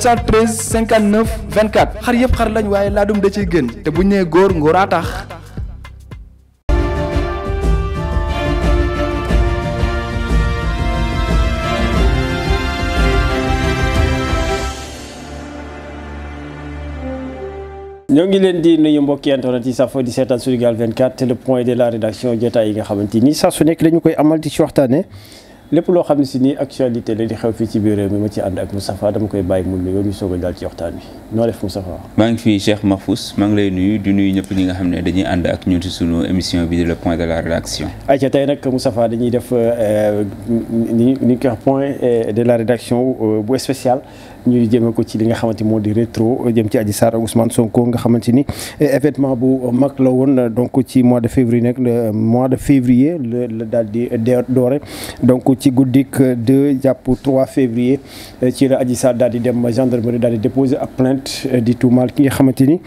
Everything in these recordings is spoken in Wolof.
713 59 24 xar yëpp xar lañ waaye laadum da ciy gën te bu ñu nee góor ngóoraa tax. ñoo ngi leen di nuyu mbokki internet yi di seetaan Sunugal 24 le point de la rédaction jotaay yi nga xamante ni saa su nekk dañu koy amal di ci waxtaanee. lépp loo xam ne si nii actualité la di xew fii ci biir réew mi ma ci ànd ak Moustapha dama koy bàyyi mu nuyoo ñu soog a daal ci waxtaan bi noo def Moustapha maa ngi fi Cheikh Mahfous maa ngi lay nuyu di ñëpp ñi nga xam ne dañuy ànd ak ñu ci suñu émission bi di le point de la rédaction ayca tey nag Moustapha dañuy def euh, ni ni ñu koy wax point euh, de la rédaction euh, bu spécial ñuy jëmee ko ci li nga xamante moo di rétro jëm ci Adji Sarr ak Ousmane Sonko nga xamante ni eh, événement bu mag la woon donc ci mois de février nag mois de février la la daal di doore donc ci guddik 2 jàpp 3 février eh, ci la Adji Sarr daal di dem gendarmerie daal di déposer ab plainte eh, di tuumaal ki nga xamante ni.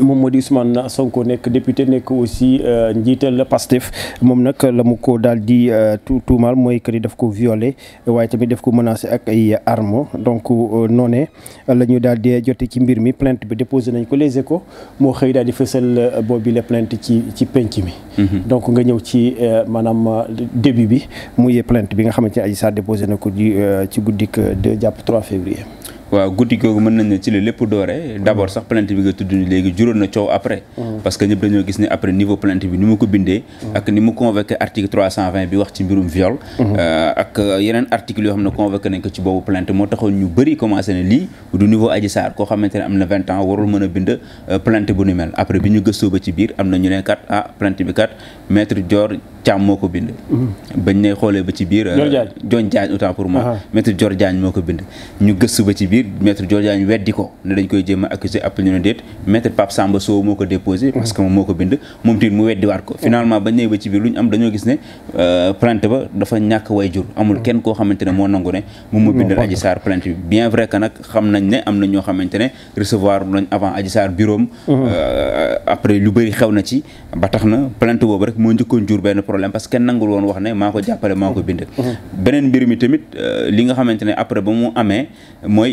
moom moo di son Sonko nekk député nekk aussi euh, njiital Pastef moom nag la mu ko daal di euh, tuumaal mooy que ni daf ko violé waaye tamit daf ko menacé ak ay armo donc euh, noone la ñu daal di jote ci mbir mi plainte bi déposé nañ ko les ko moo xëy daal di fësal boobu la plainte ci ci penc mi. Mhm. donc nga ñëw ci maanaam début bi muy plainte bi nga xamante ne Adji Sarr déposé na ko di ci guddik 2 jàpp 3 février. waaw guddi googu mën nañ ne ci la lépp dooree d' abord sax plainte bi nga tudd ni léegi juróon na coow après mm. parce que ñëpp dañoo gis ne après niveau plainte bi ni mu ko bindee mm. ak ni mu convoqué article 320 bi wax ci mbirum viol mm-hmm. euh, ak euh, yeneen article yoo xam ne convoqué nañ ko ci boobu plainte moo taxoon ñu bëri commencé ne lii du niveau Adji Sarr koo xamante ne am na vingt ans warul mën a bind euh, plainte bu ni mel après bi ñu gëstoo ba ci biir am na ñu ne kat ah plainte bi kat Thiam moo ko bind. Mhm. bañ ne xoolee ba ci biir. Dior Diagne euh, moi. Uh-huh. maître Dior moo ko bind. ñu gëstu ba ci biir maître Dior weddi ko ne dañ koy jéem a accusé appel ñu ne déet ko déposé. parce que moom ba ci biir lu ñu am dañoo gis ne euh, plainte ba dafa ñàkk way jur amul kenn koo xamante ne moo nangu ne. moom moo bindal Adji Sarr plainte bi bien vrai que nag xam nañ ne am na ñoo xamante ne recevoir nañ avant Adji Sarr bureau uh-huh. euh, après lu bëri xew na ci ba tax na plainte boobu rek moo njëkkoon problème parce que nangul woon wax ne maa ko jàppale maa ko bind beneen mbir mi tamit euh, li nga xamante ne après ba mu amee mooy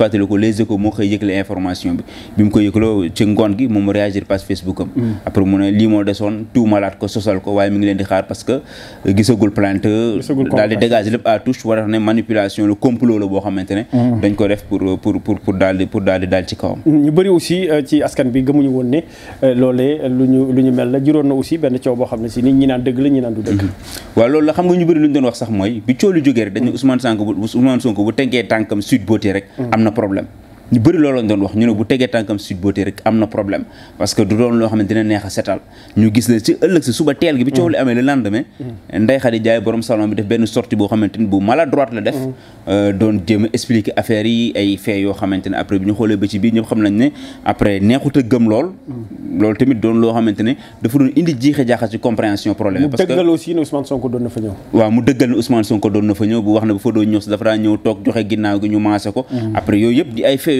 fàttali ko les échos moo koy yëkkale information bi bi mu koy yëkkaloo ci ngoon gi moom réagir page Facebook mm. après mu ne lii moo desoon tuumalaat ko sosal ko waaye mi ngi leen di xaar parce que gisagul plainte daal di dégager lépp à touche war a la xam nga ñu bëri lu ñu doon wax sax mooy bi coow jógee rek dañu Ousmane Sonko bu Ousmane Sonko bu tenkee tànkam Sweet Beauté rek mm. am na na problème ñu bëri loolu lañ doon wax ñu ne bu tegee tànkam Sweet Beauté rek am na problème parce que du doon loo xam ne dina a setal ñu gis la ci ëllëg si suba teel gi bi coow li amee le lendemain Ndeye Khady Ndiaye borom salon bi def benn sortie boo xamante ni bu maladroite la def euh, doon jéem expliquer affaire yi ay fait yoo xamante ne après bi gëm lool loolu tamit doon loo xamante ne dafa doon indi jiixe jaaxa ci compréhension problème mu dëggal aussi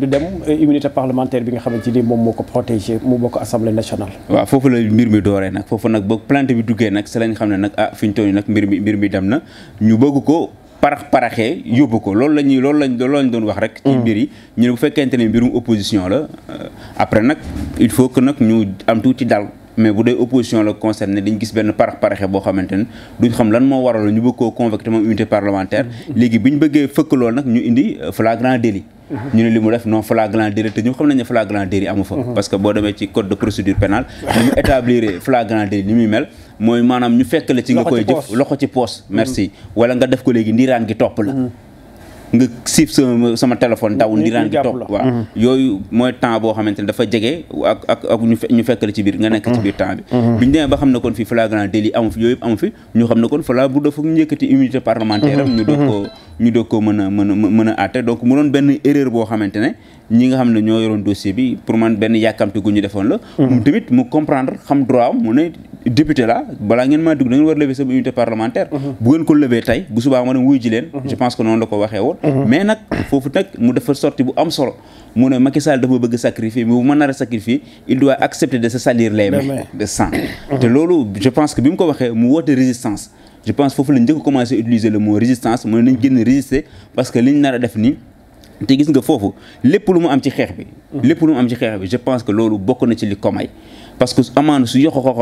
du dem euh, immunité parlementaire bi nga xamante ni moom moo ko protégé mu bokk assemblée nationale. waaw foofu la mbir mi dooree nag foofu nag ba plainte bi duggee nag si lañ xam ne nag ah fi ñu toll nag mbir mi mbir mi dem na ñu bëgg ko. parax paraxee yóbbu ko loolu la ñuy loolu lañ loolu lañ doon wax rek. ci mm. mbir yi ñu ne bu fekkente ne mbirum opposition la euh, après nag il faut que nag ñu am ci dal mais bu dee opposition la concerné dañ gis benn parax paraxe boo xamante ne duñ xam lan moo waral ñu bëgg koo convoqué moom unité parlementaire mm-hmm. léegi bi ñu bëggee fëkk loolu nag ñu indi euh, flagrant délit mm-hmm. ñu ne li mu def non flagrant délit te ñu xam nañ ne flagrant délit amu fa mm-hmm. parce que boo demee ci code de procédure pénale ni mu établir flagrant délit ni muy mel mooy maanaam ñu fekk la ci nga koy jëf loxo ci poos merci wala nga def ko léegi ndiiraan gi topp la nga siif sama sama téléphone daw ndiraan gi toog waaw mhm. yooyu mooy temps boo xamante ne dafa jege ak ak ñu fekk la ci biir nga nekk ci mhm. biir temps bi mhm. bi ñu demee ba mën a mën a mën a àtte donc mu doon benn erreur boo xamante ne ñi nga xam ne ñoo yoroon dossier bi pour man benn yàkkamte gu ñu defoon la tamit mu comprendre xam droit mu ne député la balaa ngeen maa dugg da ngeen war lever sama unité parlementaire mhm. bu ngeen ko lever tey bu subaa ma dem wuy ji leen mhm. je pense que noonu la ko waxee woon mhm. mais nag foofu nag mu dafa sorti bu am solo mu ne Macky Sall dafa bëgg sacrifier mais bu ma nar a sacrifier il doit accepter de se salir les mains de sang te loolu je pense que bi mu ko waxee mu woote résistance je pense foofu la njëkk commencé utiliser le mot résistance mu ne nañ génn lépp lu mu am ci xeex bi lépp lu mu am ci xeex je pense que loolu bokk na parce que amaana su yokk ko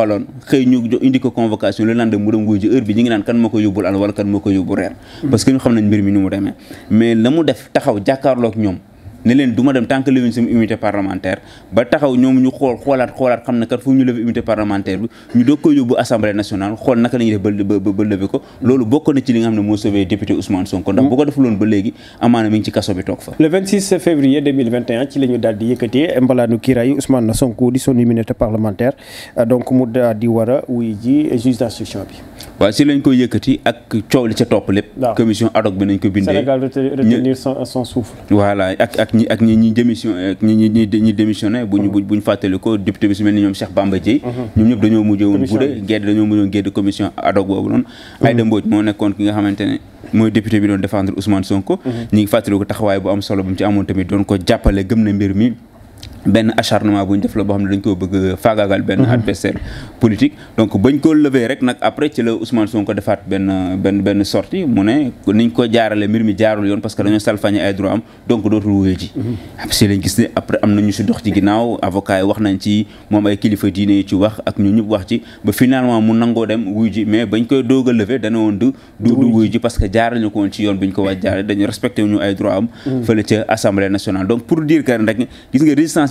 xëy ñu indi ko convocation le lendemain mu dem wuy ji bi ñu ngi naan kan moo ko yóbbul al wala kan moo ko yóbbu reer hmm. parce que ñu xam nañ mbir mi ni mu demee mais la mu def taxaw jàkkaarloog ñoom ne leen du dem tant que lewuñ sama parlementaire ba taxaw ñoom ñu xool xoolaat xoolaat xam ne kat fu ñu lever immunité parlementaire bi ñu doog ko yóbbu assemblée nationale xool naka la def ba ba ko loolu bokk na ci li nga xam ne moo sauvé député Ousmane Sonko ndax mm-hmm. bu ko defuloon ba léegi amaana mi ci kaso bi toog fa le 26 ci la ñu daal di yëkkatee mbalaanu kiiraayu Sonko di son immunité parlementaire donc mu daal di wuy ji ñi ak ñi ñi démission mmh. bu ñu fàttali député bi su mel ni ñoom Cheikh Bamba Dièye mmh. ñoom ñëpp dañoo mujjoon budde gedd dañoo mujjoon gedd commission ad boobu noonu mmh. Aïda Mbodj moo nekkoon ki nga xamante ne mooy député bi doon défendre Ousmane Sonko ñi ngi fàttali taxawaay bu am solo bu mu ci amoon tamit doon ko jàppale gëm na mbir mi benn acharnement bu ñu def la boo xam ne dañ koo bëgg faagaagal benn mhm. adversaire politique donc bañ ko lever rek nag après ci la Ousmane Sonko defaat benn benn mu ne niñ ko jaarale mbir mi jaarul yoon parce que dañoo salfañe ay droit am si mhm. am na ñu si dox ci ginnaaw avocat yi wax nañ ci moom ay kilifa diine yi ci wax ak ñu ñëpp wax ci ba finalement mu nangoo dem wuyu ji mais bañ koy doog a lever dana woon du du du ji parce jaaral ñu ko woon ci yoon bi ko war jaarale dañu respecté ñu ay droit am mhm. fële ca assemblée nationale donc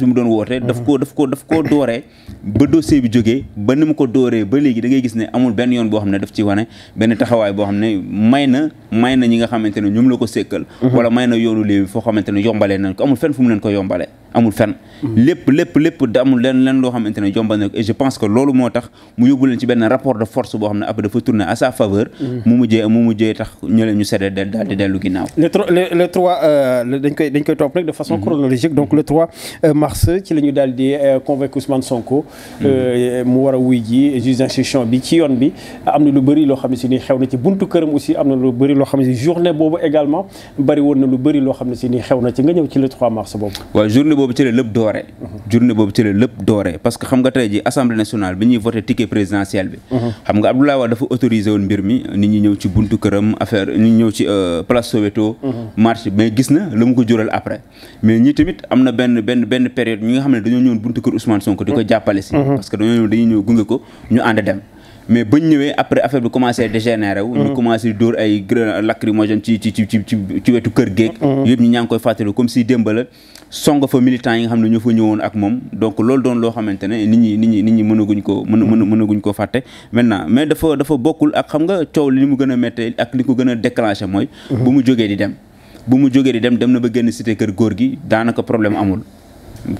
bi mu doon woote. daf ko daf ko daf koo dooree ba dossier bi jógee ba ni mu ko dooree ba léegi da gis ne amul benn yoon boo xam ne daf ci wane benn taxawaay boo xam ne may na may na ñi nga xamante ne ñoom la ko sékkal mhm. wala may na yoonu léegi foo xamante ne yombalee nañ ko amul fenn fu mu leen ko yombalee amul fenn mhm. lépp lépp lépp da amul leen leen loo xamante ne jombal na ko et je pense que loolu moo tax mu yóbbu leen ci benn rapport de force boo xam ne après dafa tourner à sa faveur mhm. mu mujjee mu mujjee tax euh, le trois dañ koy dañ koy topp rek mars ci la ñu di euh, convoqué Ousmane mm. euh, bi ci yoon bi na lu bëri loo xam ne si ni na ci buntu këram aussi am na lu bëri loo xam ne si journée boobu également bëri woon na lu bëri loo xam ne xew na ci nga ñëw ci le mars boobu. waaw journée boobu ci la lépp doore. Mm-hmm. journée boobu parce que xam nga te ji assemblée nationale bi ñuy voté ticket présidentiel bi. Mm-hmm. xam nga Abdoulaye Wade dafa autorisé woon mbir mi nit ñi ñëw ci buntu këram affaire nit ñëw ci euh, place Soweto. Mm-hmm. marche mais gis na lu mu ko jural après mais ñi tamit am na benn benn benn derrière ñi nga xam ne dañoo ñëwoon buntu kër Ousmane Sonko di ko mm-hmm. jàppale si. Mm-hmm. parce que dañoo ñëw dañuy ñëw gunge ko ñu ànd dem. mais bañ ñëwee après affaire bi commencé dégénéré wu. ñu mm-hmm. commencé dóor ay grenades lacrymogènes wetu kër géeg. yëpp ñu ngi koy fàttali comme si démb la song fa nga xam ne ñoo fa ñëwoon ak moom donc loolu doon loo xamante ne nit ñi nit ñi nit ñi mënaguñ ko mën mënaguñ koo fàtte maintenant mais dafa dafa bokkul ak xam nga coow li mu gën a méttee ak li ko gën a déclenché mooy. bu mu jógee di dem bu mu jógee di dem dem na ba génn cité kër góor gi daanaka problème amul.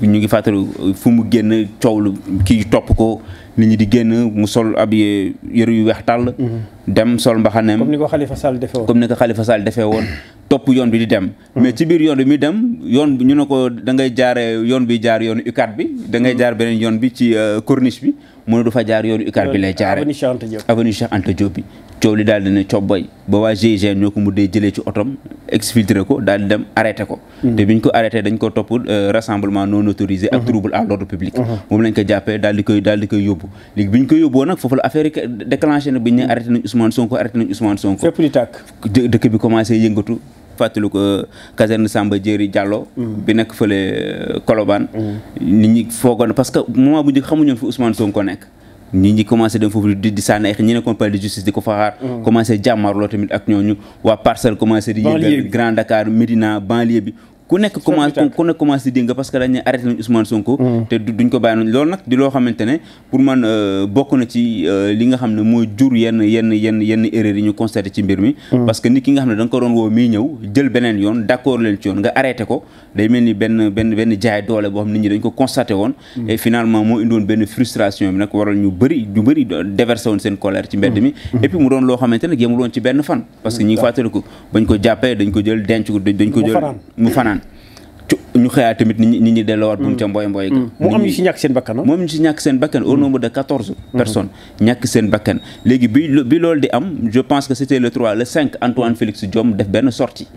ñu ngi fàttali fu mu génn coow lu kii topp ko nit ñu di génn mu sol ab yëru yu weex tàll. Mhm. dem sol mbaxaneem comme ni ko Khalifa Sall defee woon comme ni ko Khalifa Sall defee woon topp yoon bi di dem. Mhm. mais ci biir yoon bi muy dem yoon ñu ne ko da ngay jaaree yoon bi jaar yoon UCAD bi. da ngay mhm. jaar beneen yoon bi ci euh, corniche bi mu ne du fa jaar yoonu UCAD bi lay jaaree avenue Cheikh Anta Diop bi. coow li daal di ne cobboy ba waa GIGN ñoo ko muddee jëlee ci otom exfiltré ko daal dem arrêté ko mm. te biñ ko arrêté dañ ko topp euh, rassemblement non autorisé ak mm-hmm. trouble à l'ordre public mm-hmm. moom lañ ko jàppee daal koy daal di koy yóbbu léegi yóbboo nag foofu la affaire déclenché na biñ ne arrêté nañ Ousmane Sonko arrêté nañ Ousmane Sonko fépp di dëkk bi commencé yëngatu fàttali ko euh, caserne Samba Diéry mm-hmm. bi nekk fële euh, Colobane nit ñi foogoon parce que moment ñi ñi commencé dem foofu di di sànni ay ñi nekkoon palais de justice di ko fa xaar mm. commencé jàmmarloo tamit ak ñooñu waa parcelle commencé di yëngal Grand Dakar Médina banlieue bi ku nekk commencé ku nekk commencé di nga parce que dañ ne arrêté nañu Ousmane Sonko. Mm. te duñ ko bàyyi noonu loolu nag di loo xamante ne pour man euh, bokk na ci euh, li nga xam ne mooy jur yenn yenn yenn yenn erreur yi ñu constaté ci mbir mi. Mm. parce que nit ki nga xam ne da nga ko doon woo miy ñëw jël beneen yoon d' accord leen ci yoon nga arrêté ko day mel ni benn benn benn jaay doole boo xam nit ñi dañ ko constaté woon. Mm. et finalement moo indiwoon benn frustration bi nag waral ñu bëri loo xamante ne yemul woon ci benn fan. ko jàppee dañ ko jël denc ñu xëyaat tamit nit ñi nit ñi delloowaat buum ca mm. mboy mboy ga mm. mu am ñu si ñàkk seen bakkan moom ñu si ñàkk seen bakkan mm. de léegi bi bi di am je pense que c'était le 3 le 5 Antoine Félix Diome def benn sortie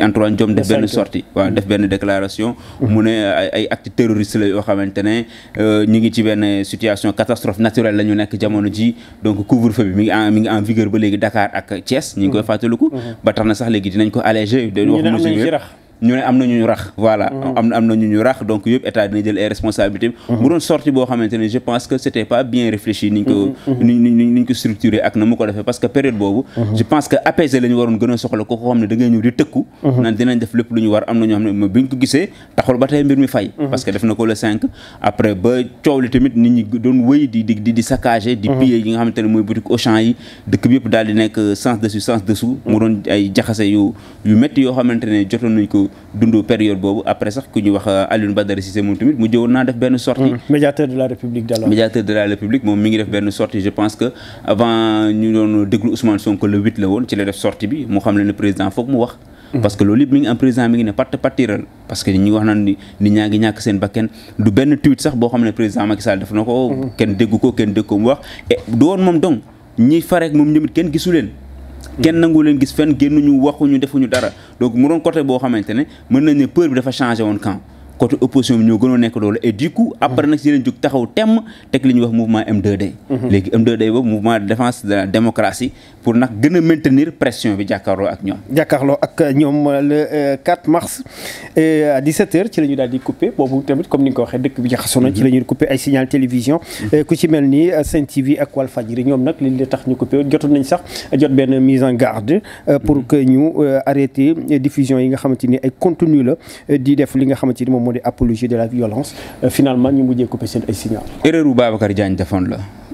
Antoine def benn déclaration mu ne ay acte terroriste la yoo xamante ne euh, ñu ngi ci benn situation catastrophe naturelle la ñu nekk jamono ji donc couvre-feu bi mi ngi en mi ngi en vigueur ba léegi Dakar ak Thiès ñu ngi koy fàttaliku ba tax na sax léegi dinañ ko allégé de wax ñu ne am na ñu ñu rax voilà mm-hmm. am am na ñu ñu rax donc yëpp état dina jël ay responsabilités mm-hmm. mu doon sorti boo xamante ne je pense que c'était pas bien réfléchi mm-hmm. ni ñu ko ni ñu ko structuré ak na mu ko defee parce que période boobu je pense que apaiser la ñu waroon gën a soxla ko koo xam ne da ngay ñëw di tëkku naan dinañ def lépp lu ñu war am na ñoo xam ne bi ñu ko gisee taxul ba tey mbir mi fay parce que def na ko le 5 après ba coow li tamit nit ñi doon wëy di di di saccagé di piller yi nga xamante ne mooy boutique Auchan yi dëkk bi yëpp daal di nekk sens dessus sens dessous mu doon ay jaxase yu yu métti yoo xamante ne jotoon nañ ko ñu période boobu après sax ku ñu wax euh, Alioune Badara Cissé moom tamit mu jëwoon naa def benn sortie mm. médiateur de la république médiateur de la république moom mi ngi def benn sortie je pense que avant ñu doon mm. loolu yëpp du benn tweet sax boo xam ne président Macky Sall def na ko mm. kenn déggu ko kenn dégg ko mu wax et du woon moom donc ñi fareek moom ñëmit kenn gisu leen kenn nangu leen gis fenn ñu waxuñu defuñu dara donc mu doon côté boo xamante ne mën nañ ne peur bi dafa changé woon camp côté opposition bi ñoo gënoon nekk loolu et du coup après nag d mhm. léegi m 2 a maintenir euh, euh, comme ni nga waxee dëkk bi jaxasoo na ci mhm. la coupé ay signal télévision mhm. euh, ku ci mel ni Sen TV ak Walfadjri ñoom nag li tax ñu coupé jotoon nañ sax jot benn mise en garde pour que ñu arrêté diffusion yi nga xamante ni ay contenu la di def li nga xamante ni moom moo di apologie de la violence euh, finalement ñu mujjee coupé seen ay signal. erreur bu Babacar Diagne defoon la.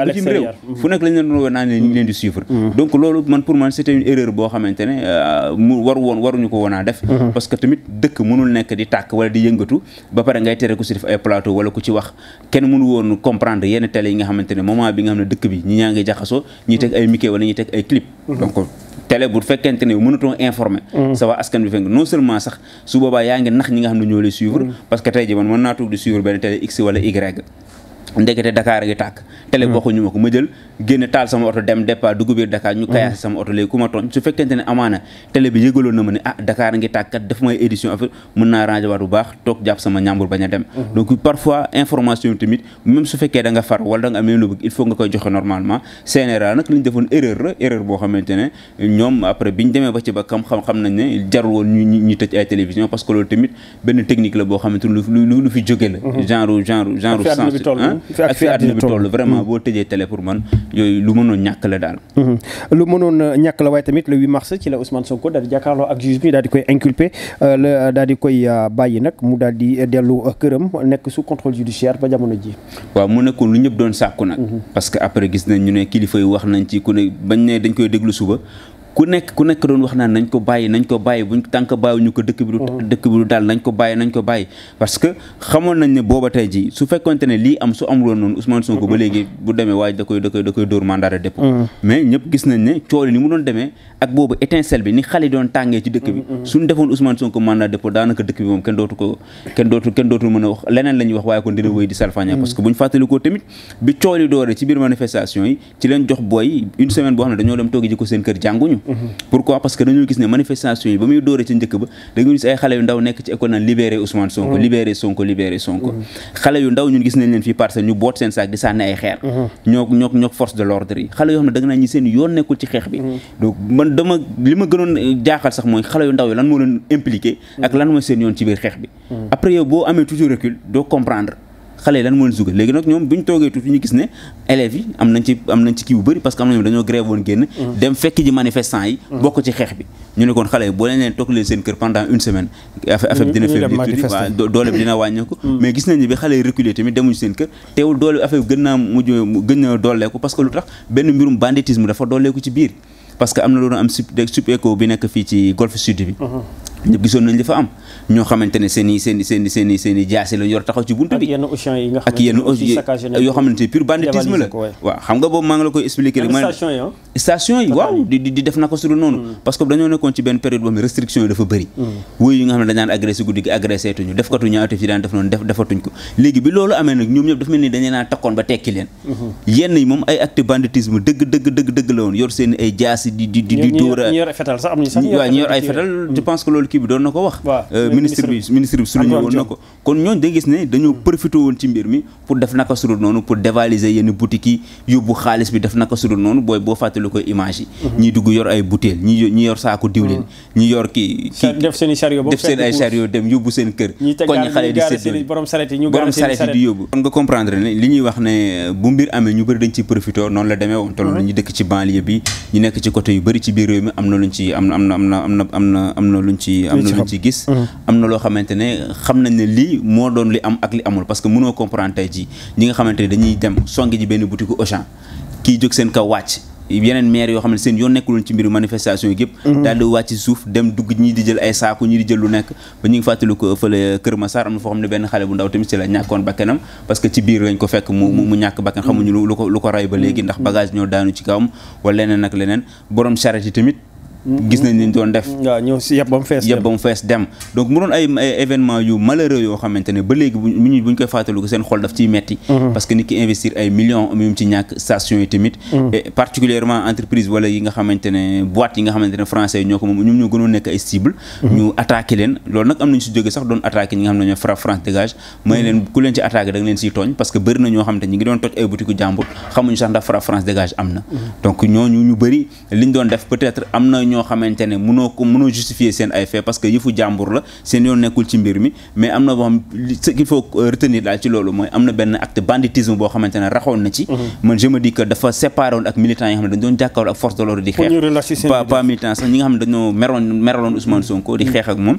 ak bitim fu nekk lañ leen woo naan ñu leen di suivre hm. donc loolu man pour man c'était une erreur boo xamante ne euh, waru woon ko woon def hm. parce que tamit dëkk mënul nekk di tàkk wala di yëngatu ba pare ngay tere ku si def ay plateau wala ku ci wax kenn mënu woon comprendre yenn télé yi nga xamante ne moment bi nga xam dëkk bi ñi ñaa ngi jaxasoo ñi teg ay micro wala ñi teg ay clip hm. donc télé bu fekkente ne mënatoo informer ça askan bi fekk non ndekete Dakar a ngi tàkk télé hmm. waxuñu ma ko ma jël génn taal sama oto dem départ dugg biir ñu kayaase mm. sama oto léegi ku ma tooñ su fekkente ne amaana télé bi yëgaloon na ma ne ah Dakar ngi tàkkat def may édition affaire mën naa ranger waat bu baax toog jàpp sama ñàmbur bañ a dem mm-hmm. donc parfois information tamit même su fekkee da far wala da nga am leen il faut nga koy joxe normalement CNRA nag li ñu defoon erreur la erreur boo xamante ñoom après biñ demee ba ci ba xam yooyu lu mënoon ñàkk la daal. Mhm. lu mënoon euh, ñàkk la waaye tamit le 8 mars ci la Ousmane Sonko daal di jàkkaarloo ak juge bi daal di koy inculpé euh, la daal di koy euh, bàyyi nag mu daal di dellu këram nekk sous contrôle judiciaire ba jamono ji. waaw mu nekkoon lu ñëpp doon sàkku nag. Mhm. parce que après gis nañ ñu ne kilifa yi wax nañ ci ku ne bañ ne dañ koy déglu suba. ku nekk ku nekk doon wax naa nañ ko bàyyi nañ ko bàyyi buñ tànk bàyyiwuñu ko dëkk bi du mm-hmm. dëkk bi du daal ko bàyyi nañ ko bàyyi parce que xamoon nañ ne booba tey ji su fekkonte ne lii am su amuloon noonu Ousmane Sonko ba léegi bu demee waaye da koy da koy da koy dóor mandat de dépôt mm-hmm. mu doon demee ak boobu étincelle bi ni xale doon tàngee ci dëkk bi mm-hmm. suñ defoon Ousmane Sonko mandat de a leneen la ñuy wax waaye kon dina wéy di salfaña parce que buñ yi ci leen jox booy une semaine boo xam ne dañoo dem toogi ji ko seen kër jànguñu pourquoi parce que dañoo gis ne manifestation yi ba muy dóoree ci njëkk ba da nga gis ay mm-hmm. mm-hmm. fii parce que ñu boot seen saak di sànni ay xeer ñook mm-hmm. ñook force de l'ordre xale yoo xam ne da nga ñi seen yoon nekkul ci xeex bi dama li ma gënoon eh, jaaxal sax mooy xale yu ndaw yi lan moo leen impliqué ak lan mooy seen yoon ci biir xeex bi après yow boo amee toujours recul doo comprendre xale yi lan moo leen sugal léegi nag ñoom bu ñu toogee tuuti ñu gis ne élèves yi am nañ ci am nañ ci kii bu bëri parce que am nañu dañoo grève woon génn mm. dem fekk ji manifestant yi mm. bokk ci xeex bi ñu ne kon xale yi boo leen leen toog leen seen kër pendant mm. doole bi dina wàññeeku mais gis nañu bi xale yi reculé tamit demuñu seen kër teewul doole affaire bi gën naa mujj gën na dooleeku parce que lu tax benn mbirum banditisme dafa dooleeku ci biir parce que na loolu am sub ñëpp gisoon nañ li am ñoo xamante ne seen i seen i seen i seen i seen i jaasi la ma hmm. hmm. ñu hmm. yor ay fetal je que loolu kii bi doon na ko wax euh, ministre kon hmm. hmm. ñi hmm. xale di séddoo borom saret yi di yóbbu nga comprendre ne li ñuy wax ne bu mbir amee ñu bëri dañ ci profité noonu la demee woon tollu ñu dëkk ci banlieue bi ñu nekk ci côté yu bëri ci biir réew mi am na luñ ci am na am na am na am na luñ ci ci am na luñ ci gis mhm. na loo xamante ne xam nañ lii moo doon li am ak li amul parce que mënoo comprendre tey ji ñi nga xamante ne dañuy dem songi ji benn boutique Auchan kii jóg seen kaw wàcc yeneen maire yoo xam ne seen yoon nekkuloon ci mbiru manifestation yi yëpp mhm. daal di wàcc suuf dem dugg ñii di jël ay saaku ñii di jël lu nekk ba ñu ngi fàttali ko fële Kër Massar am na foo xam ne benn xale bu ndaw tamit ci la ñàkkoon bakkanam parce que ci biir lañ ko fekk mu mu ñàkk bakkan mhm. xamuñu lu ko lu ndax bagage ñoo daanu ci kawam wala leneen ak leneen borom charrette tamit gis nañ doon def. waaw ba mu fees dem donc mu doon ay ay yu malheureux yoo xamante ne ba léegi buñ buñ koy fàttaliku seen xol daf ciy metti mhm. mhm. particulièrement entreprise wala yi nga xamante ne boîte yi nga xamante ne français yi ñoo ko moom ñoom ñoo gënoon nekk ay cible mhm. ñu attaqué leen loolu nag am nañ si jóge sax doon attaqué ñi nga xam ne ñoo fra France dégage. may leen ku leen ci attaqué da leen siy tooñ parce que bëri ñoo xamante ñoo xamante ne ko mënoo justifier seen ay fait parce que yëfu jàmbur la seen yoon nekkul ci mbir mi mais am na boo xam ce qu'il faut euh, retenir daal ci loolu mooy am na benn acte banditisme boo xamante raxoon na ci mhm. man je me dis dafa séparé ak militants yi nga xam ne dañoo meroon meraloon Ousmane Sonko di mhm. xeex moom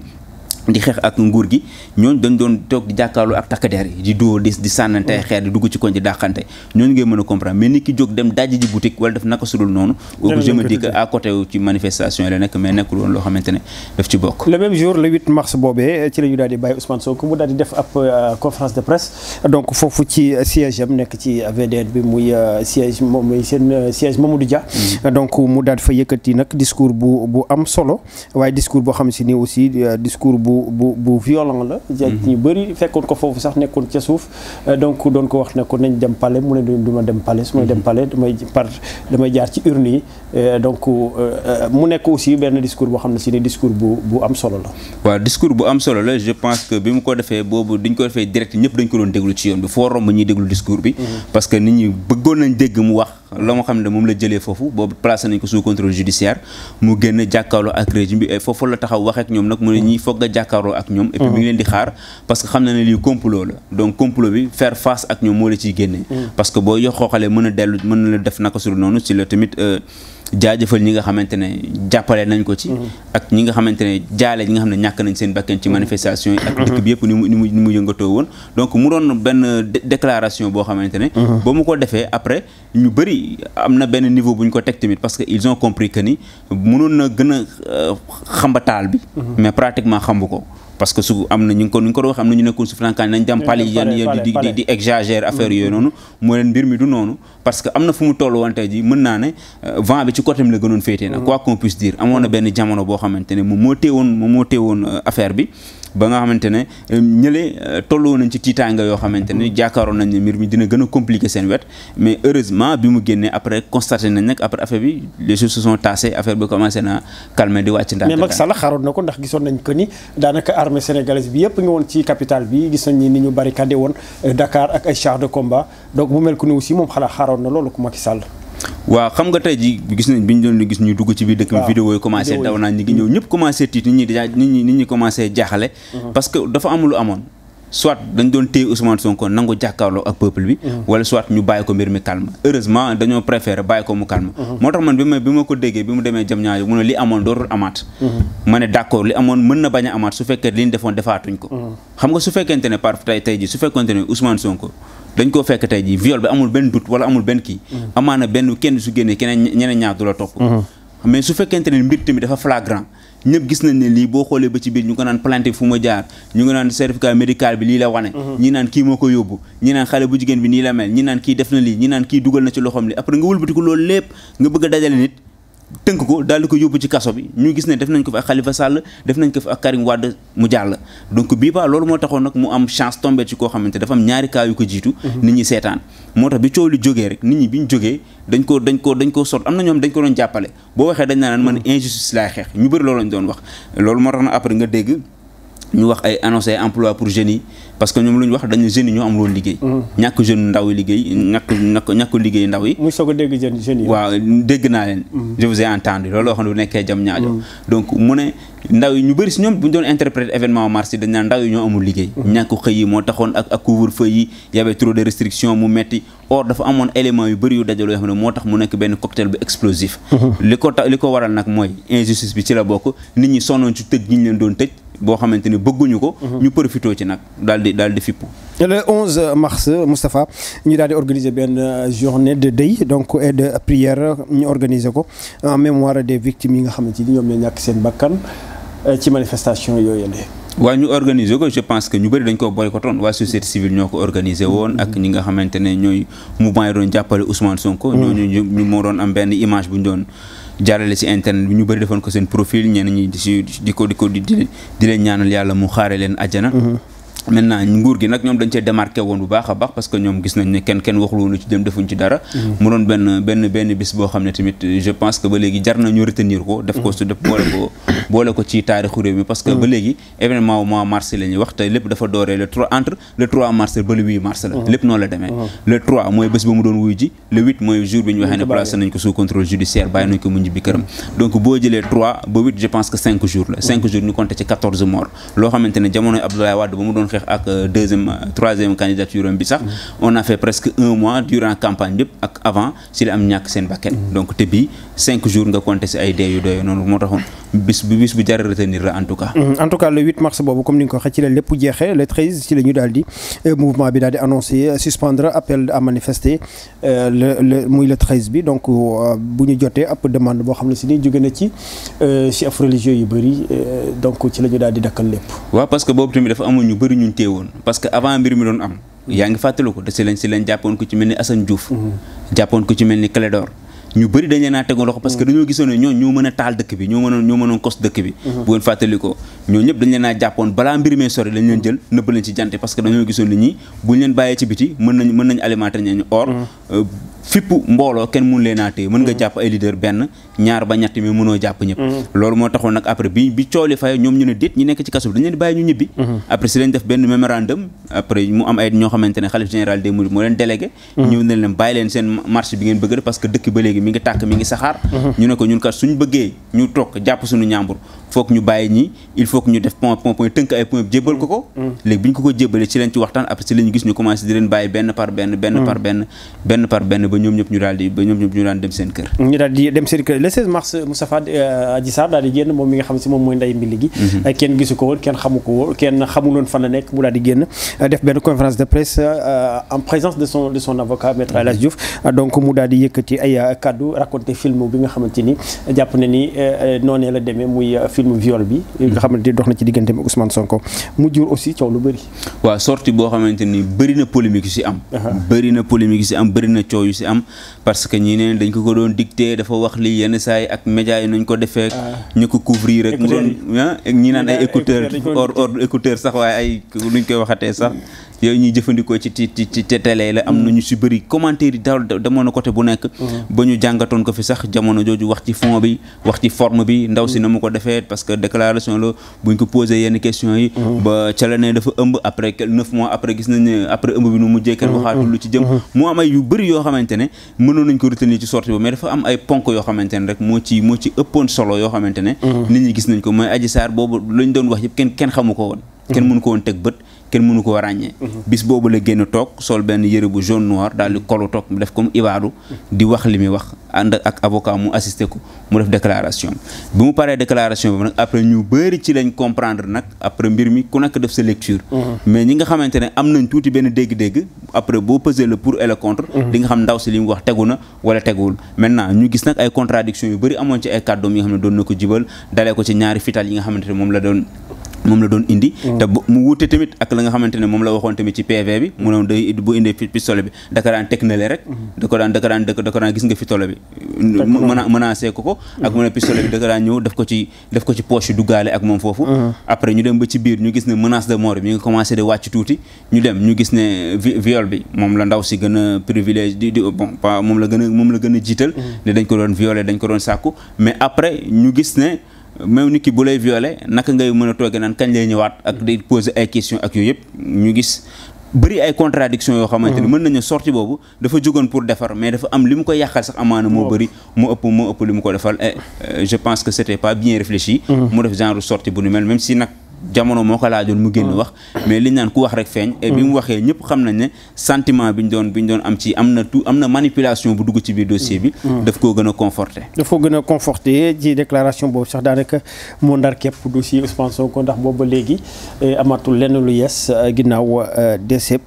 di xeex ak nguur gi ñooñu dañ doon toog di jàkkaarloo ak takk der yi di dóor di di xeer di dugg ci koñ di dàqante ñooñu ngay mën a comprendre mais nit ki jóg dem dajji ji boutique wala def naka loo xamante ne daf ci bokk le même jour le 8 mars boobee ci mu daal di def ab euh, conférence de presse donc foofu ci euh, siège am nekk ci euh, VDN mm-hmm. mu daal di fa yëkkati nag discours bu bu am solo waaye discours boo xam si ni aussi discours bu bu bu bu violent la. Mhm. ñu bëri fekkoon ko foofu sax nekkoon ca suuf euh, donc doon ko wax ne ko nañ dem palais mu ne du ma dem palais su may dem mhm. palais damay par damay jaar ci urne yi euh, donc euh, mu nekk aussi benn discours boo xam ne si ne discours bu bu am solo la. waaw discours bu am solo la je pense que bi mu ko defee boobu duñ ko defee direct ñëpp dañ ko doon déglu ci yoon bi foo romb ñuy déglu discours bi. Mhm. parce que nit bëggoon nañ dégg mu wax. la moo xam ne moom la jëlee foofu boobu placé nañ ko sous contrôle judiciaire mu génn jàkkaarloo ak régime bi foofu la taxaw wax ñoom nag mu ne ñi foog jàkkaarloo ak ñoom et puis mm-hmm. mi leen di xaar parce que xam na ne lii complot la donc complot bi faire face ak ñoom moo la ciy génne mm-hmm. parce que boo yo xooxalee mën a dellu mën na la def naka sul noonu ci la tamit euh, jaajëfal ñi nga xamante jàppale nañ ko ci mm-hmm. ak ñi nga xamante jaale ñi nga xam ne ñàkk nañ seen bakkan boo xamante ne ba tey am na benn niveau bu ñu ko teg tamit parce que ils ont compris que ni mënoon na gën a euh, taal bi. Mhm. mais pratiquement xambu ko. parce que su am na ñu ngi ko ñu ngi ko doon xam ne ñu nekkoon su flankaan nañ dem noonu parce que am na fu mu toll woon tey ji mën naa ne euh, vent bi ci côté mi la gënoon féetee na mhm. quoi qu'on puisse dire amoon na benn jamono boo xamante ne moom moo téewoon moom moo téewoon euh, affaire bi ba nga xamante ne euh, ñële euh, tolloo nañ ci tiitaanga yoo xamante ne mm-hmm. jàkkaaroon nañ ne mbir mi dina gën a compliqué seen wet mais heureusement bi mu génnee après constaté nañ nag après affaire bi les choses se sont bi commencé na calmer di wàcc. ndànk mais na ko ndax gisoon nañ ko ni daanaka armée sénégalaise bi yëpp ngi woon ci capitale bi gis nañ ni ñu barricadé woon euh, Dakar ak ay chars de combat donc mu mel ko ne aussi moom xalaat xaroon na loolu ko Macky Sall. waaw xam nga tey ji gis nañ bi ñu doon gis ñu dugg ci biir dëkk bi vidéo yi commencé daw naa ñi ngi mm-hmm. ñëw ñëpp commencé tiit nit ñi nit nit ñi commencé jaaxale mm-hmm. parce dafa am amoon soit dañ doon téye Ousmane Sonko nangu jàkkaarloo ak peuple bi. Mhm. wala soit ñu bàyyi ko mbir mi calme heureusement dañoo préféré bàyyi ko mu calme. Mhm. moo tax man bi ma ko déggee bi mu demee jëm ñaari mu ne li amoon dootul amaat. Mhm. ma ne d' li amoon mën na bañ a amaat su fekkee li ñu defoon defaatuñ ko. xam nga su fekkente ne par tey tey jii su fekkente ne Ousmane Sonko. dañ koo fekk tey jii viol bi amul benn doute wala amul benn kii. amaana mais su fekkente ne mbir tamit dafa flagrant ñëpp gis nañ ne lii boo xoolee ba ci biir ñu ko naan plante fu ma jaar ñu ngi naan certificat médical bi lii la wane mhm. ñi naan kii moo ko yóbbu ñi naan xale bu jigéen bi nii la mel ñi naan kii def na lii ñi naan kii dugal na ci loxoom li après nga wëlbatiku loolu lépp nga bëgg dajale nit tënk ko daal di ko yóbbu ci kaso bi ñu gis ne def nañ ko fi ak Khalifa Sall def nañ ko fi ak Karim Wade mu jàll donc bii ba loolu moo taxoon nag mu am chance tombé ci koo xamante dafa am ñaari cas ko jiitu mhm. nit ñi seetaan moo tax bi coow li jógee rek nit ñi bi ñu jógee dañ ko dañ ko sot am na ñoom dañ ko doon jàppale boo waxee dañ naa naan man mhm. injustice laay xeex ñu bëri loolu lañ doon wax loolu moo tax na après nga dégg ñu wax ay annoncé emploi pour jeunes yi parce que ñoom lu wax dañu jeunes ñoo am loolu liggéey mm-hmm. ñàkk jeune ndaw yi liggéey waaw dégg naa leen mm-hmm. je vous ai entendu loolu loo xam ne bu nekkee jam ñaajo mm-hmm. donc mu ne ndaw yi ñu bëri si ñoom bu doon interpréter événement mars yi ndaw yi ñoo amul liggéey ñàkk xëy yi moo taxoon ak ak couvre yi y avait trop de restrictions mu metti or dafa amoon élément yu bëri yu dajaloo xam ne moo tax mu nekk benn cocktail boo xamante ni bëgguñu ko. Mhm. ñu profitoo ci nag dal di daal di fippu. le 11 mars Moustapha ñu daal di organiser benn euh, journée de deuil donc et de prière ñu organiser ko en mémoire de victimes yi nga xamante ci ñoom ñoo ñàkk seen bakkan euh, ci manifestation yooyu la. waaye ñu organiser ko je pense que ñu bëri dañ ko boycottoon waa société civile ñoo ko organiser woon ak mhm. ñi nga xamante ne ñooy mu yi doon jàppale Ousmane Sonko. Mhm. ñooñu ñu moo doon am benn image bu ñu doon. jaarale si internet bi ñu bëri defoon ko seen profil ñenn ñi di si di ko di ko di di leen ñaanal yàlla mu xaare leen ajjana mm-hmm. maintenant nguur gi nag ñoom dañ cee démarqué woon bu baax a baax parce que ñoom gis nañ ne kenn kenn waxul ci dem defuñ ci dara mm-hmm. mu doon benn benn bis boo xam ne tamit je pense que ba jours ñu compté ci 14 morts loo xamante ne jamonoy Abdoulaye Wade ba mu doon xeex ak euh, deuxième troisième candidature bi sax mm. on a fait presque un mois durant campagne bépp ak avant si la am ñàkk seen bakkan mm. donc te bii cinq jours nga compté si ay dee yu doyoo noonu moo taxoon bis bu bis bu jar retenir la en tout cas mm. en tout cas le mars boobu comme ni nga ko waxee ci la lépp jeexee le 13 ci la ñu di euh, mouvement bi daal di annoncé euh, suspendre appel à manifester le muy le 13 bi donc bu ñu jotee ab demande boo xam ne si ni jóge yu bëri donc ci la ñu daal di dakkal ñu téewoon parce que avant mbir mi doon am. yaa ngi fàttaliku si lañ si lañ jàppoon ko ci mel ni Assane Diouf. Mm-hmm. jàppoon ko ci mel ni Clédor. ñu bëri dañ leen a tegoon loxo parce que mm-hmm. dañoo gisoon ñoo ñoo mën a taal dëkk bi ñoo mënoon ñoo mënoon kos dëkk bi. Mm-hmm. bu ngeen fàttalikoo ñoo ñëpp dañ leen jàppoon balaa mbir mee sori dañ leen jël nëbb leen ci jante parce que dañoo gisoon nit ñi buñ leen bàyyee ci biti mën nañu alimenter ñu ñibbi mm-hmm. après si lañ def benn mémorandum après mu am ay ñoo xamante ne xalif général des mourides moo leen délégué mm-hmm. ñu ne leen bàyyi leen seen marche bi ngeen bëgg parce que dëkk ba léegi mi ngi tàkk mi ngi saxaar mm-hmm. ñu ne ko ñun kat suñ bëggee ñu toog jàpp suñu ñàmbur faut ñu bàyyi ñi il faut ñu def point point point tënk ay point jébbal ko ko mm. léegi bi ñu ko ko jébbalee ci lañ ci waxtaan après ci lañu gis ñu commencé di leen bàyyi benn par benn benn par mm. benn benn par benn ba ñoom ñëpp ñu daal di ba ñoom ñëpp ñu daan dem seen kër ñu daal di dem seen kër le mars Moustapha euh, Adji Sarr daal di génn moom mi nga xam si moom mooy nday mbili gi mm-hmm. euh, kenn gisu ko woon kenn xamu ko woon kenn xamuloon fan la nekk mu daal di euh, film viol bi. Mm-hmm. nga xamante ni dox na ci digganteem ak Ousmane Sonko mu aussi coow lu bëri. waaw sortie boo xamante ni bëri na yu si am. bëri na yu si am parce que ñi ne dañ ko doon dicté dafa wax li yenn saa ak média nañ ko defee. Ah. ñu ko rek. Ah, ñi naan ay écouteur hors hors écouteur sax waaye ay luñ koy waxatee sax. yooyu ñuy jëfandikoo ci ci ci ci la am mm. nañu si bëri commentaire yi daal demoon na bu nekk mm. ba ñu jàngatoon ko fi sax jamono jooju wax ci forme bi ndaw si mm. na mu ko defee parce que déclaration la buñ ko posé yenn question yi ba ca dafa ëmb après neuf mois après gis nañ ne am yu bëri yoo xamante ne mënoon nañ ko retenir ci sortie boobu mais dafa am ay ponk yoo xamante ne moo ci ëppoon solo yoo xamante ne nit ñi gis nañ ko mooy Adji Sarr boobu kenn mënu koo ràññee mhm. bis boobu la génn toog sol benn yëre bu jaune noir daal di kolu toog mu def comme ibaadu mhm. di wax li muy wax ànd ak avocat mu assisté ko mu def déclaration bi mu paree déclaration bi nag après def sa lecture mhm. mais ñi nga xamante ne am nañ tuuti benn dégg-dégg après boo peser le pour et contre di nga xam ndaw si li mu wax tegu na wala teguwul maintenant ñu gis nag ay contradiction yu bëri amoon ci ay kàddoom moom la doon moom la doon indi. Mm. te mu wuute tamit ak la nga xamante ne moom la waxoon tamit ci PV bi mu ne bu indee pistolet bi da ko daan teg na le rek. Mm-hmm. da daan da daan gis nga pistolet bi. a da ko mm-hmm. moom la ndaw si gën a privilège di di bon moom la gën a jiital. Mm-hmm. ne dañ ko doon violé dañ ko doon sàkku mais après ñu gis ne. même nit ki bu lay violé naka ngay mën a toogee naan kañ lay ñëwaat ak di poser ay questions ak yooyu yëpp ñu gis bëri ay contradiction yoo xamante ni mm-hmm. mën nañu sorti boobu dafa jógoon pour defar mais dafa am li mu ko yàqal sax amaana moo bëri moo ëpp moo ëpp li mu ko defal et euh, je pense que c'était pas bien réfléchi mm-hmm. mu def genre sorti bu nu mel même si nag jamono moo ko laajoon mu génn ah. wax mais li naan ku wax rek feeñ et bi mu ah. waxee ñëpp xam nañ ne sentiment bi ñu doon bi ñu doon am ci am na tout am na manipulation bu dugg ci biir dossier bi ah. daf koo gën a conforté daf ko gën a conforté ci déclaration boobu sax daanaka moo ndar képp dossier Ousmane ko ndax boobu ba léegi eh, amatul lenn lu yees eh, ginnaaw eh, décep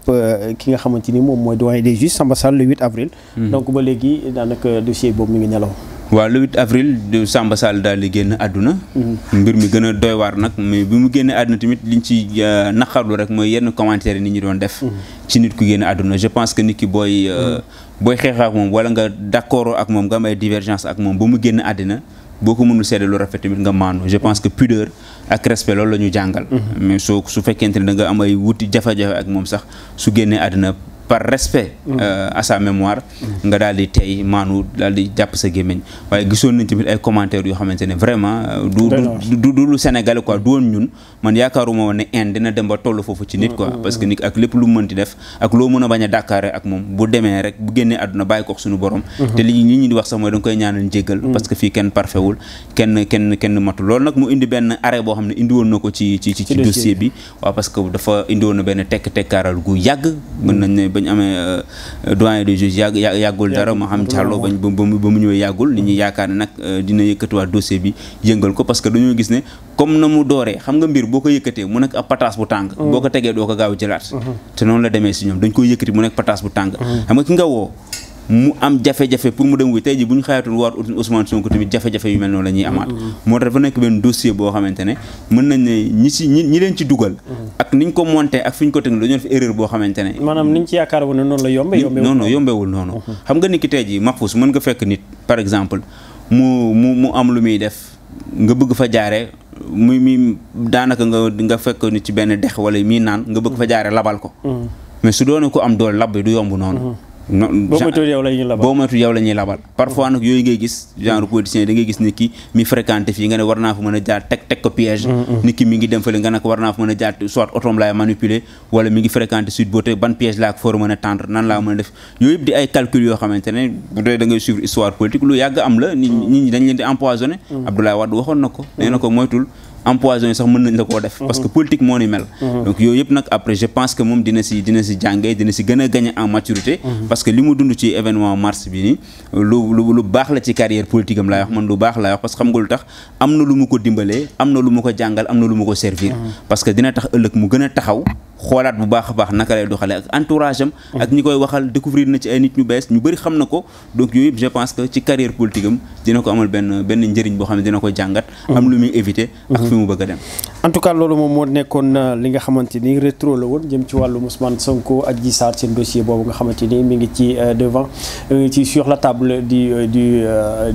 ki nga xamante ni moom mooy doyen des juges Samba Sall le 8 avril hmm. donc ba léegi daanaka dossier boobu mu ngi nelaw waaw le 8 avril Samba Sall daal di génn àdduna. Mm-hmm. mbir mi gën a doy nag mais bi mu génnee àdduna tamit ñu ci euh, naqarlu rek mooy yenn commentaire yi nit ñi doon def. Mm-hmm. ci nit ku génn àdduna je pense que nit ki booy. Euh, mm-hmm. booy xeex ak moom wala nga d'accord ak moom nga am ay divergence ak moom ba mu génn àddina boo ko mënul seede lu rafet tamit nga maandu je pense que pudeur ak respect loolu la ñu jàngal. mais soo su fekkente ne da nga am ay wuti jafe-jafe ak moom sax su génnee àddina par respect mm. euh, à sa mémoire mm. nga daal di tey maanu daal di jàpp sa gémmiñ waaye gisoon nañ tamit ay commentaires yoo xamante ne vraiment euh, du du du lu sénégalais quoi du woon ñun man yaakaaruma woon ne Inde ba toll foofu ci nit quoi mm, parce que nit lépp lu mën di def ak loo mën moom bu demee rek bu génnee àdduna bàyyi ko suñu borom mm-hmm. te li ñi ñi di wax sax mooy da nga koy ñaanal njéggal parce que fii kenn parfait wul kenn kenn matul loolu nag mu indi benn arrêt boo xam ne indi na ko ci ci ci dossier bi waaw parce que dafa indi benn tekk tekkaaral gu yàgg ba ñu amee euh, euh, doyen des juges yàgg yàggul dara moo xam Diallo bañ ba ba mu ñëwee yàggul li ñuy yaakaar ne nag euh, dina yëkkatiwaat dossier bi yëngal ko parce que dañoo gis ne comme na mu dooree xam nga mbir boo ko yëkkatee mu nekk ab pataas bu tàng mm. boo ko tegee doo ko gaaw jëlaat mm-hmm. te noonu la demee si ñoom dañ koy yëkkati mu nekk pataas bu tàng mm-hmm. xam nga ki nga woo mu am jafe-jafe pour mu dem wuy tey ji bu ñu xayatul waat Ousmane Sonko tamit jafe-jafe yu mel noonu la amaat mm-hmm. moo tax dafa nekk benn dossier boo xamante ne mën nañ ne ñi si ñi ñi leen ci dugal mm-hmm. ak niñ ko monté ak fi ñu ko teg dañoo def ne maanaam niñ ci yaakaar woon noonu la yombe non non yombewul noonu mm-hmm. xam nga ni ki nit par exemple mu mu mu am lu muy def nga bëgg fa jaare muy mi daanaka nga nga fekk nit ci benn dex wala mii naan nga bëgg fa jaare labal ko mais su doone ko am doole lab bi du yomb noonu boo moytuwul yow la ñuy labal boo moytuwul yow la ñuy labal parfois nag yooyu ngay gis genre politicien da gis nit ki mi fréquenté fii nga ne war naa fa mën a jaar teg teg ko piège mm, mm. nit ki mi ngi dem fële nga ne ko war naa fa mën a jaar soit otoom laay manipuler wala mi ngi fréquenté sud boote ban piège laa ko foora mën a tendre nan laa mën a def yooyu yëpp di ay calcul yoo xamante ne bu dee da ngay suivre histoire politique lu yàgg am la nit ñi dañ leen di empoisonné mm. Abdoulaye na ko nee empoisonné sax mën nañ la koo def parce que politique moo ni mel donc yooyu yëpp nag après je pense que moom dina si dina dina si gën a gagné en maturité parce que li mu dund ci événement mars bi nii lu lu lu baax la ci carrière politique am laay wax man lu baax laay wax parce que xam nga lu tax am na lu mu ko dimbalee am na lu mu ko jàngal am na lu mu ko servir parce que dina tax ëllëg mu gën a taxaw xoolaat bu baax a baax naka lay doxalee ak entourage ak ñi koy waxal découvrir na ci ay nit ñu bees ñu bëri xam na ko donc yooyu yëpp pense que ci carrière politique am dina ko amal benn benn njëriñ boo xam ne dina ko jàngat am lu muy éviter ak fi mu bëgg a dem en tout cas loolu moom moo nekkoon euh, li nga xamante ni rétro la woon jëm ci wàllu Ousmane Sonko Adji Sarr seen dossier boobu nga xamante ni mi ngi ci euh, devant mi ngi ci sur la table du euh, du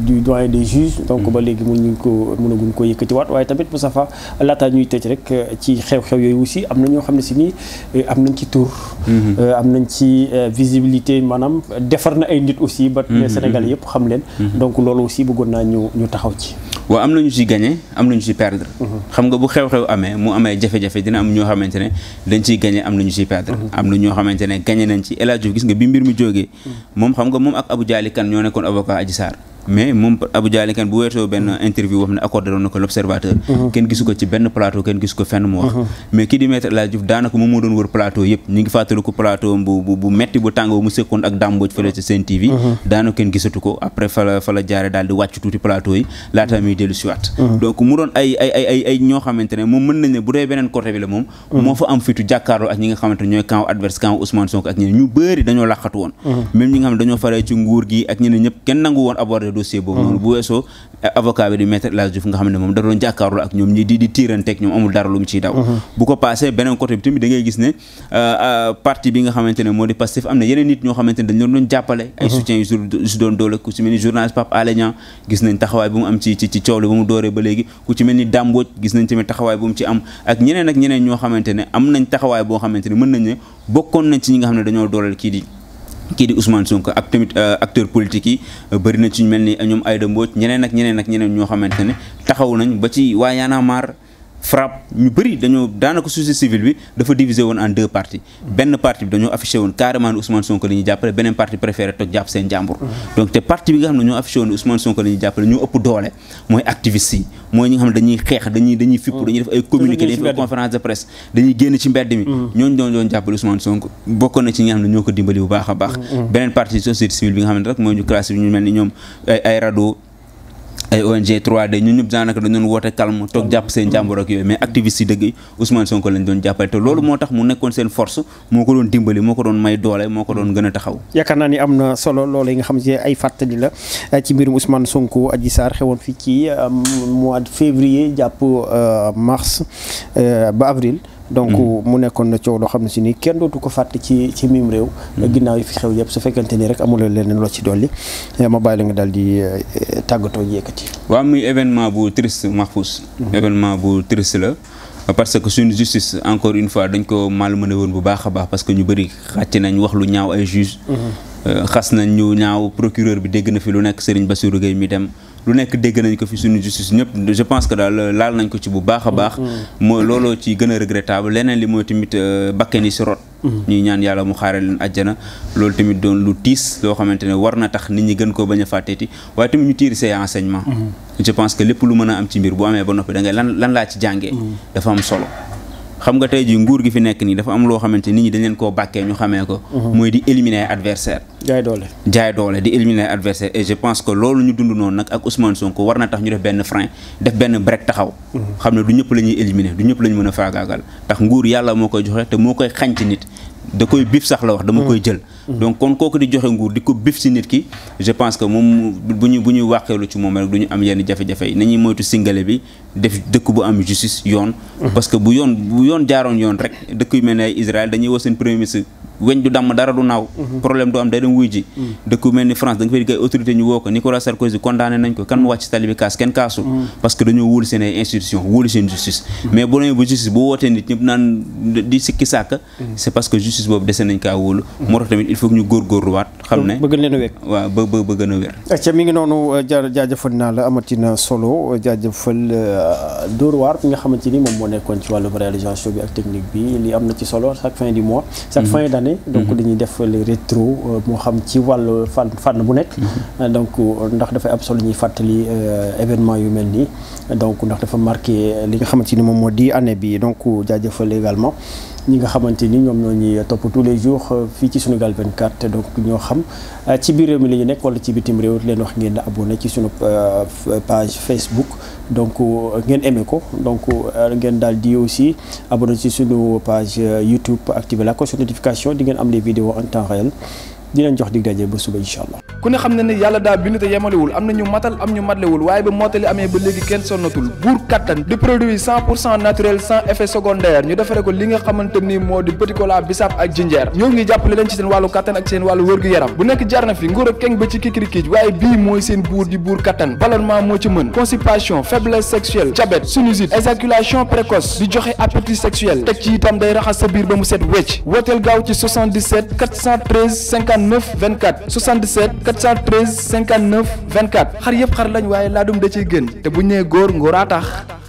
du doyen des juges donc ba léegi mënuñ ko mënaguñ ko yëkkatiwaat waaye tamit Moustapha laata ñuy tëj rek ci xew yooyu aussi am na ñoo xam ne si nii Euh, am nañ ci tour mhm. euh, am nañ ci euh, visibilité maanaam defar na ay nit aussi ba mhm. Sénégal yëpp xam leen mhm. donc loolu aussi bëggoon naa ñu ñu taxaw ci waaw am nañu si gagné am nañu si perdre xam nga bu xew-xew amee mu amee jafe dina am ñoo xamante ne dañ ciy gagné am nañu si am na ñoo xamante ne gagné nañ ci El Hadj gis nga bi mbir mi jógee moom xam nga moom ak Abou Diali Kane ñoo nekkoon avocat Adji saar mais moom Abou Dialé bu weesoo benn mm-hmm. interview wax ne accordé woon na l'observateur mm-hmm. kenn gisu ko ci benn plateau kenn gisu ko fenn mu wax mm-hmm. mais kii di Maître daanaka moom moo doon wër plateau yëpp ñoo xamante moom mën nañ ne bu dee beneen côté bi la moom moo fa am fitu jàkkaarloo ak ñi nga xamante ñooy camp adverse camp Ousmane Sonko ak ñeneen ñu bëri dañoo làqatu woon même ñi nga xam ne dañoo faree ci nguur gi ak ñeneen ñëpp kenn nangu woon dossier boobu mhm. noonu bu weesoo avocat bi di maître El Hadji Diouf nga xam ne moom da doon jàkkaarloo ak ñoom ñi di di tiiranteeg ñoom amul dara lu mu ciy daw mhm. bu ko passé beneen côté bi tamit da ngay ku ci mel ni journaliste Pape gis nañ ci mel ni taxawaay bu mu ci am ak ñeneen ak ñeneen ñoo xamante am nañ taxawaay boo xamante ne mën nañ ne bokkoon nañ ci ñi nga xam ne dañoo dooleel kii di kii di Ousmane Sonko ak tamit euh, acteur politique yi euh, bëri ci ñu mel ni ñoom Aïda mboot ñeneen ak ñeneen ak ñeneen ñoo xamante ne taxaw nañ ba ci waa Yaana Maar FRAPP ñu bëri dañoo daanaka société civile bi dafa divisé woon en deux parties benn partie bi dañoo affiché woon carrément ne Ousmane Sonko mm-hmm. jàppale ñoo ëpp doole mooy activiste mooy ñi xam ne dañuy xeex dañuy fippu mm-hmm. dañuy def ay communiqué dañuy de presse dañuy génn ci mbedd mi mm-hmm. ñooñu doon jàppale Ousmane Sonko bokkoon na ci ñi nga xam ne ñoo ko dimbali bu baax a baax beneen partie société civile bi nga xam ne rek mooy ñu classe bi ñu mel ni ay ONG 3D ñun ñëpp daanaka dañu doon woote calme toog jàpp seen jàmbur ak yooyu mais activiste yi dëgg yi Ousmane Sonko lañ doon jàppale te loolu moo tax mu nekkoon seen force moo ko doon dimbali moo ko doon may doole moo ko doon gën a taxaw. yaakaar naa ni am na solo loolu yi nga xam ne ay fàttali la eh, ci mbirum Ousmane Sonko Adji Sarr xewoon fii ci eh, mois de février jàpp euh, mars euh, ba avril. donc hmm. mu nekkoon na coow loo xam ne si nii kenn dootu ko fàtte ci ci miim réew. Hmm. ginnaaw yi fi xew yëpp su fekkente ni rek amuloo leneen loo ci dolli eh, ma bàyyi la nga daal di eh, tàggatoo yëkkati. waaw muy événement bu triste Mahfous. Hmm. événement bu triste la. parce que suñu justice encore une fois dañ ko mal mëne woon bu baax a baax parce que ñu bëri xàcc nañ wax lu ñaaw ay juge euh, xas nañ ñu ñaaw procureur bi dégg na fi lu nekk Serigne Bassirou Gueye mi dem. lu nekk dégg nañ ko fi suñu justice ñëpp je pense que daal euh, laal nañ ko ci bu baax a baax mm-hmm. moo looloo ci gën a regrettable leneen li mooy tamit euh, bakken yi si rot mm-hmm. ñuy ñaan yàlla mu xaaral leen àjjana loolu tamit doon lu tiis loo xamante ne war na tax nit ñi gën koo bañ a fàtteeti waaye tamit ñu tiir say enseignement mm-hmm. je pense que lépp lu mën a am ci mbir bu amee ba noppi da lan lan laa ci jàngee dafa am solo xam nga tey jii nguur gi fi nekk nii dafa am loo xamante nit ñi dañ leen koo bàkkee ñu xamee ko. Mhm. mooy di éliminer adversaire jaay doole jaay doole di éliminer adversaire et je pense que loolu ñu dund noonu nag ak Ousmane Sonko war na tax ñu def benn frein def benn break taxaw. Mhm. xam ne du ñëpp la ñuy éliminer du ñëpp la ñu mën a faagaagal. tax nguur yàlla moo koy joxe te moo koy xañti nit da koy bif sax la wax dama mm. koy jël mm. donc kon kooku di joxe nguur di ko bif si nit ki je pense que moom bu ñu bu ñuy wàqeelu ci moom rek du ñu am yenn jafe-jafe yi nañuy moytu singale bi def dëkk bu am justice yoon mm. parce que bu yoon bu yoon jaaroon yoon rek dëkk yu mel ne ay Israël dañuy wax seen premier ministre weñ du damm dara du naaw mhm. problème du am day dem wuy ji mhm. dëkk mel ni France da nga fay autorité ñu woo ko Nicolas Sarkozy condamné nañ ko kan mu wàcc tali bi kaas kenn kaasu mhm. parce que dañoo wóolu seen institution wóolu seen justice mais bu demee ba justice bu wootee nit ñëpp naan di sikki sàkk c'est parce que justice boobu dese nañ kaa wóolu moo tax tamit il faut que ñu góorgóorluwaat xam ne a wér a wér acca xamante ni moom moo nekkoon ci wàllum réalisation bi ak technique bi li am na ci donc mhm. dañuy def les rétro euh, moo xam ci wàll fànn fànn bu nekk. Mhm. Euh, donc ndax dafay am solo ñuy fàttali euh, événement yu mel nii donc ndax dafa marqué li nga xamante ni moom moo di année bi donc jaajëfal également. ñi nga xamante ni ñoom ñoo ñuy topp tous les jours euh, fii ci Sunugal 24 te donc ñoo xam euh, ci biir réew mi li ñu nekk wala ci bitim réew leen wax ngeen abonné ci sunu euh, page Facebook donc ngeen aimé ko donc ngeen daal di aussi abonné ci sunu page YouTube activé la cloche notification di ngeen am les vidéos en temps réel. di jox dig daje ba suba incha allah. ku ne xam na ne yàlla daa bind te yemalewul am na ñu matal am ñu matlewul waaye ba mottali amee ba léegi kenn sonnatul buur kattan di produit naturel sans effet secondaire ñu defare ko li nga xamante ni moo di petit bisaab ak jinjeer ñoo ngi jàppale leen ci seen wàllu kattan ak seen wàllu wërgu yaram bu nekk jarna fi nguur ak keng ba ci kikirikiij waaye bii mooy seen buur di buur kattan ballonnement 59 24 77 413 59 24 xar yëpp xar lañ waaye laadum da ciy gën te bu ñëwee nee góor ngóoraa tax